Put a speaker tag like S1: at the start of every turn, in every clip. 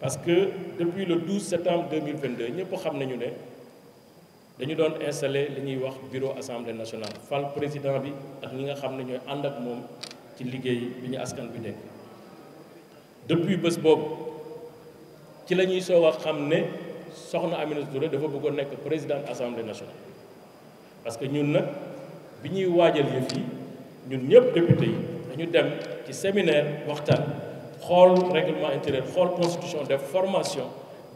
S1: parce que depuis le 12 septembre 2022 ñëpp xam nañu ne dañu doon installé li ñuy wax bureau assemblée nationale fal président bi ak ñi nga xam ne ñooy ànd ak moom ci liggéey bi ñu askan bi nekk depuis bés boobu ci lañuy ñuy soog a xam ne soxna Aminata Touré dafa bëggoon nekk président assemblée nationale parce que ñun na bi ñuy waajal yëf yi ñun ñëpp député yi dañu dem ci séminaire waxtaan xool règlement intérieur xool constitution def formation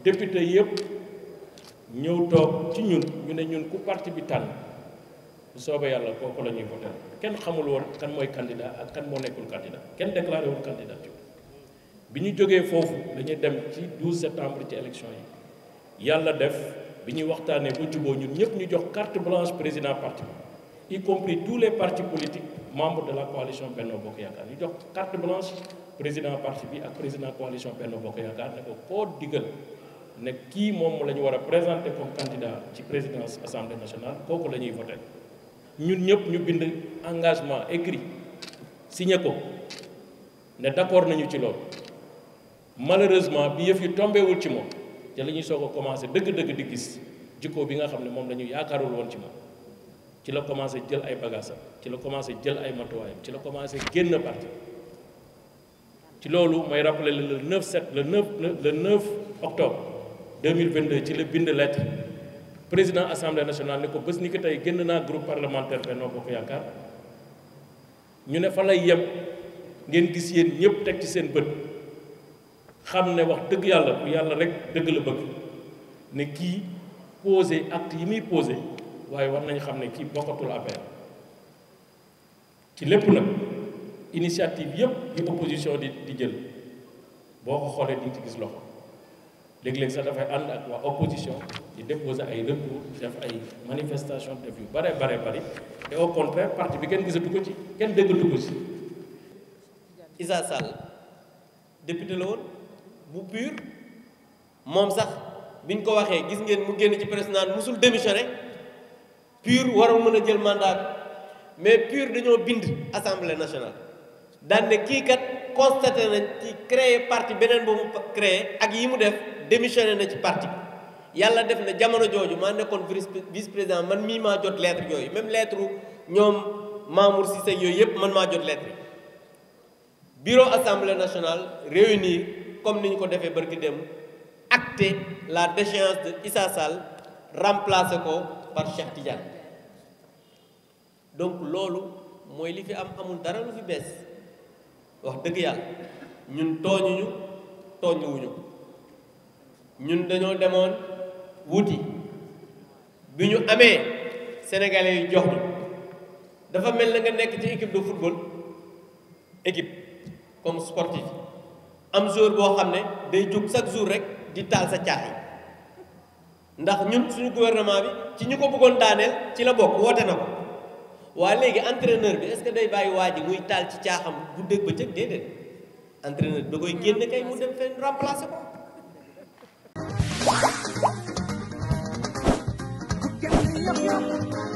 S1: député yëpp ñëw toog ci ñun ñu ne ñun ku parti bi tànn bu soobee yàlla kooku la ñuy voté kenn xamul woon kan mooy candidat ak kan moo nekkul candidat kenn déclaré woon candidature bi ñu jógee foofu dañuy dem ci 12 septembre ci élection yi yàlla def bi ñuy waxtaanee bu juboo ñun ñëpp ñu jox carte blanche président parti bi y compris tous les partis politiques membre de la coalition Benno Bokk Yaakaar ñu jox carte blanche président parti bi ak président coalition Benno Bokk Yaakaar ne ko koo digal ne kii moom la ñu war a présenter comme candidat ci présidence assemblée nationale kooku la ñuy ñun ñëpp ñu bind engagement écrit signé ko ne d'accord nañu ci loolu malheureusement bi yëf yi tombewul ci moom te la ñuy soog a commencé dëgg-dëgg di gis jikko bi nga xam ne moom la ñu yaakaarul woon ci moom. ci la commencé jël ay bagaasam ci la commencé jël ay matuwaayam ci la commencé génn parti ci loolu mooy rappeler le 9 sept le 9 le 9 octobre 2022 ci la bind lettre président assemblée nationale ne ko bés ni ko tey génn naa groupe parlementaire Benno ko Yaakaar ñu ne fa lay yem ngeen gis yéen ñëpp teg ci seen bët xam ne wax dëgg yàlla bu yàlla rek dëgg la bëgg ne kii posé acte yi muy posé waaye war nañu xam ne kii bokkatul affaire ci lépp nag initiative yëpp yi opposition di di jël boo ko xoolee di ci gis loxo léeg-léeg sax dafay ànd ak waa opposition di déposer ay recours def ay manifestation def yu bare bare bari te au contraire parti bi kenn gisatu ko ci kenn déggatu ko ci
S2: Issa Sall député la woon bu pur moom sax ñu ko waxee gis ngeen mu génn ci presse naan musul démissionné pur waroon mën a jël mandat mais pur dañoo bind assemblée nationale daan kii kat constaté nañ ci créé parti beneen ba mu créé ak yi mu def démissionné na ci parti yàlla def na jamono jooju maa nekkoon vice président man mii maa jot lettre yooyu même lettre ñoom Mamour Cissé yooyu yëpp man maa jot lettre bureau assemblée nationale réunir comme ni ñu ko defee barki dem acté la déchéance de Issa Sall remplacé ko par Cheikh Tidiane donc loolu mooy li fi am amul dara lu fi bees wax dëgg yàlla ñun tooñuñu tooñuwuñu ñun dañoo demoon wuti bi ñu amee sénégalais yu jox ñu dafa mel na nga nekk ci équipe de football équipe comme sportif am jour boo xam ne day jóg chaque jour rek di taal sa caaxi ndax ñun suñu gouvernement bi ci ñu ko bëggoon daaneel ci la bokk woote na ko waa léegi entraîneur bi est-ce que day bàyyi waa ji muy taal ci caaxam bu dégg ba cëg déedéet entraîneur bi da koy génn kay mu dem fenn remplacer ko